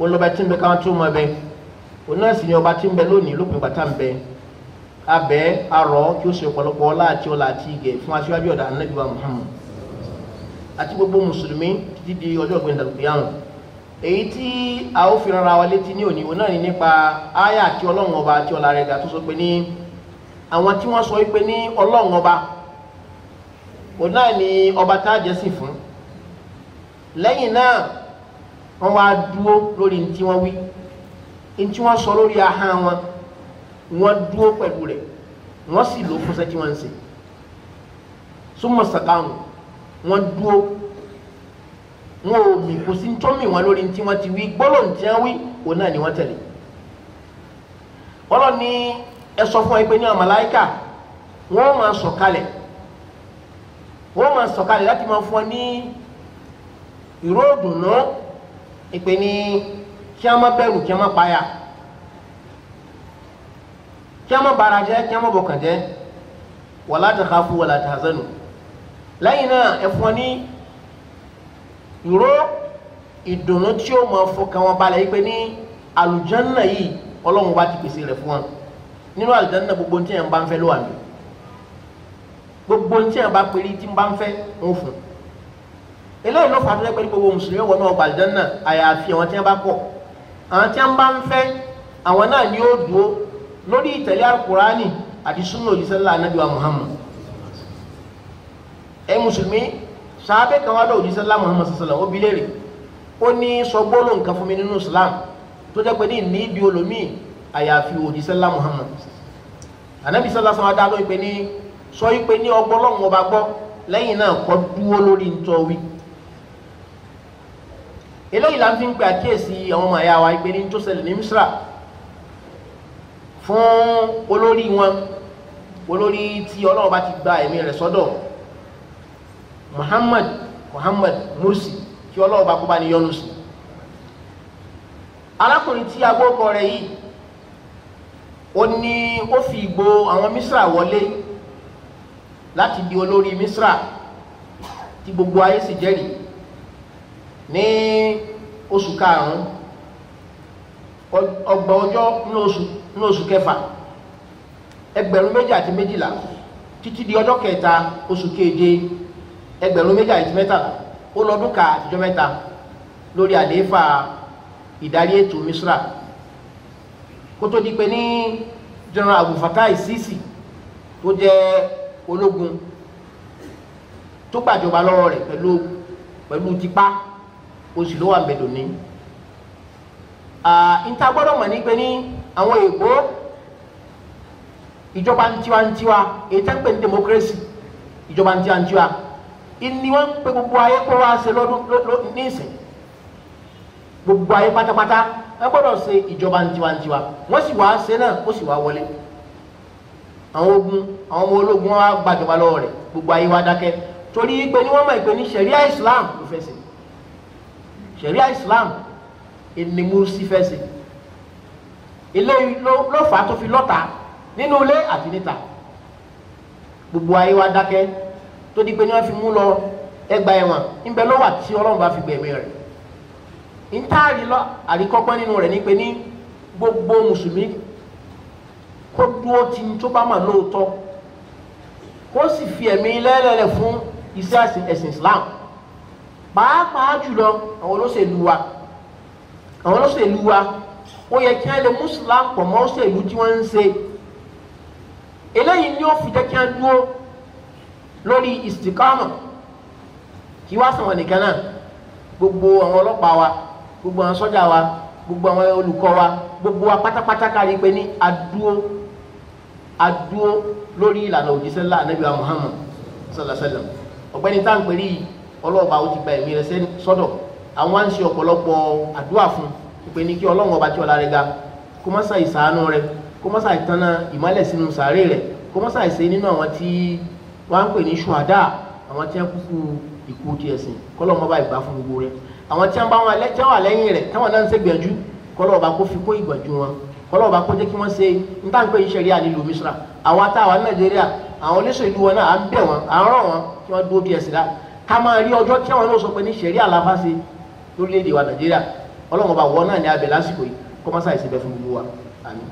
òun lọ́ba tí ń bẹ káwọn tó mọ bẹ òun náà sì ni ọba tí ń bẹ lónìí lópin bàtà ń bẹ abẹ arọ kí ó ṣe ọ̀pọ̀lọpọ̀ ọlá àti ọlá àti ìgẹ̀ fún aṣíwájú ọ̀dà anábì wa Muhammad àti gbogbo mùsùlùmí títí di ọjọ́ ọ̀gbìn dàlùkìyàrùn èyí tí a ó fi rárá wa létí ní òní òun náà ní nípa áyà àti ọlọ́run ọba àti ọlá rẹ̀ gà tó sọ pé ní àwọn tí wọ́n sọ wípé ní ọlọ́run ọba òun náà ni ọba tá a jẹ́ sí fún lẹ́yìn náà wọ́n wá dúó lórí ní tí wọ́n wí ní tí wọ́n sọ lórí ahọ́n wọn wọ́n dúó pẹ̀lú rẹ̀ wọ́n sì lò fúnṣẹ́ tí wọ́n ń ṣe súnmọ́ sàkáhùn wọ́n dúó wọn ò mì kò sí tó mì wọn lórí ní tí wọ́n ti wí gbọ́dọ̀ ní tí wọ́n wí òun náà ni wọ́n tẹ̀lé ọlọ́ni ẹ sọ fún ẹ ní àmàláìkà wọ́n máa sọ̀kalẹ̀ wọ́n máa sọ̀kalẹ̀ láti máa fún ọ ní ìró ìdùnnú ìpè ní kí a má bẹ̀rù kí a má páyà kí a má bara jẹ́ kí a má bọkàn jẹ́ wala takhafu wala tahzanu lẹ́yìn náà ẹfọn ní ìró ìdùnnú tí ó mọ fọkàn wọn balẹ̀ ìpè ní àlùjànnà yìí Ọlọ́run bá ti pèsè rẹ̀ fún wọn nínú àlùjànnà gbogbo tí ẹ̀ ń bá ń fẹ́ ló wà ní gbogbo tí ẹ̀ bá pèrè tí ń bá ń fẹ́ ń fún un eléyìí ló fàtúrẹ́ pé gbogbo mùsùlùmí wọ náà gbàlejò náà àyàfi àwọn tí wọ́n bá pọ̀ àwọn tí wọ́n bá ń fẹ́ àwọn náà ni ó dúró lórí ìtẹ̀lé alukurani àti súnmọ́ òjíṣẹ́ láà nàbí wa Muhammad ẹ mùsùlùmí sàábẹ́ kan wá lọ òjíṣẹ́ láà Muhammad sàlẹ̀ ó bi léèrè ó ní sọ gbólóhùn nǹkan fún mi nínú Islam tó jẹ́ pé ní ní ibi olómìn àyàfi òjíṣẹ́ láà Muhammad ànábì sàlẹ̀ sàn wá dá lóyún pé ní sọ yí pé ní ọgbọ́lọ́hùn ọba lẹ́yìn náà kọ́ dúró lórí ntọ́wí eléyìí la fi ń pe àkíyèsí àwọn ọmọ ẹ̀yà wa ìpè ní joseph ní misra fún olórí wọn olórí tí ọlọ́run bá ti gba ẹ̀mí rẹ̀ sọ́dọ̀ muhammad muhammad mursi kí ọlọ́run bá kó bá ní yọ́nú sí arákùnrin tí agbókọ rẹ̀ yìí ó ní ó fi ìgbò àwọn misra wọlé láti di olórí misra tí gbogbo ayé sì jẹ́rìí ní oṣù karùn-ún ọgbọ̀n ọjọ́ ní oṣù kẹfà ẹgbẹ̀rún méjì àti méjìlá títí di ọjọ́ kẹta oṣù keje ẹgbẹ̀rún méjì àti mẹ́tàlá ó lọ́dún ká àtijọ́ mẹ́ta lórí àlééfà ìdarí ètò Misra kó tó di pé ní general Abdulfatai Sisi tó jẹ́ ológun tó gbàjọba lọ́wọ́ rẹ̀ pẹ̀lú pẹ̀lú tipá oṣù ló wà ń bẹ dòní. níta gbọ́dọ̀ mọ̀ ní pé ní àwọn èkó ìjọba ntiwantiwa èyí tẹ́ ń pè ní democracy ìjọba ntiwantiwa ni wọ́n ń pe gbogbo ayé kó wá ṣe lọ́dún nísìn gbogbo ayé pátápátá wọ́n gbọ́dọ̀ ṣe ìjọba ntiwantiwa wọ́n sì wá ṣe náà ó sì wá wọlé àwọn ogun àwọn ọmọ ológun wọn gbàjọba lọ́wọ́ rẹ̀ gbogbo ayé wá dákẹ́ torí pé ní wọ́n mọ̀ ìpè ní ṣẹ̀ríà Islam ló fẹ́ sìn sharia islam ni mursi fẹ́ ṣe eléyìí ló fà á tó fi lọ́ta nínú ilé àti níta gbogbo ayé wa dákẹ́ tó di pé ní wọ́n fi mú lọ ẹgbà ẹ̀wọ̀n níbẹ̀ ló wà tí ọlọ́run bá fi gbẹ̀mí rẹ̀ ntaari lọ àríkọ́gbọ́n nínú rẹ̀ ni pé ní gbogbo mùsùlùmí kó dúró ti ní tó bá mà lóòótọ́ kó sì fi ẹ̀mí lẹ́lẹ́lẹ̀ fún iṣẹ́ ẹ̀sìn islam pàápàá jùlọ àwọn olóṣèlú wa àwọn olóṣèlú wa ó yẹ kí wọ́n lè mùsùlùmí pọ̀ mọ́ òṣèlú tí wọ́n ń ṣe eléyìí ni ó fi jẹ́ kí wọ́n dúró lórí ìsìkámà kí wá sàn wọn nìkan náà gbogbo àwọn ọlọ́pàá wa gbogbo àwọn sọ́jà wa gbogbo àwọn olùkọ́ wa gbogbo wa pátápátá kárí pé ní adúó adúó lórí ìlànà òjíṣẹ́ anábìá Muhammad sallallahu alaihi wasallam ọ̀gbẹ́ni táǹpẹ̀rí yìí ọlọ́run bá ó ti gba ẹ̀mí rẹ̀ sọ́dọ̀ àwọn à ń ṣe ọ̀pọ̀lọpọ̀ àdúrà fún pé ní kí ọlọ́run ọba tí ọlá rẹ̀ ga kó má ṣàì ṣàánú rẹ̀ kó má ṣàì tanná ìmọ́lẹ̀ sínú sàárè rẹ̀ kó má ṣàì ṣe nínú àwọn tí wọ́n ń pè ní ṣùádà àwọn tí wọ́n kúkú ikú tí ẹ̀sìn kọ́lọ́run ọba ìgbà fún gbogbo rẹ̀ àwọn tí wọ́n bá wọn tẹ́wà lẹ́yìn rẹ̀ táwọn náà ń ṣe gbìyànjú kọ́lọ́run ká máa rí ọjọ́ tí àwọn náà sọ pé ní sẹ̀rí àlàfáṣe lórílẹ̀‐èdè wa nàìjíríà ọlọ́run ọba wọ náà ní abẹ lásìkò yìí kọ́másà ìsìnbẹ fún gbogbo wa àmín.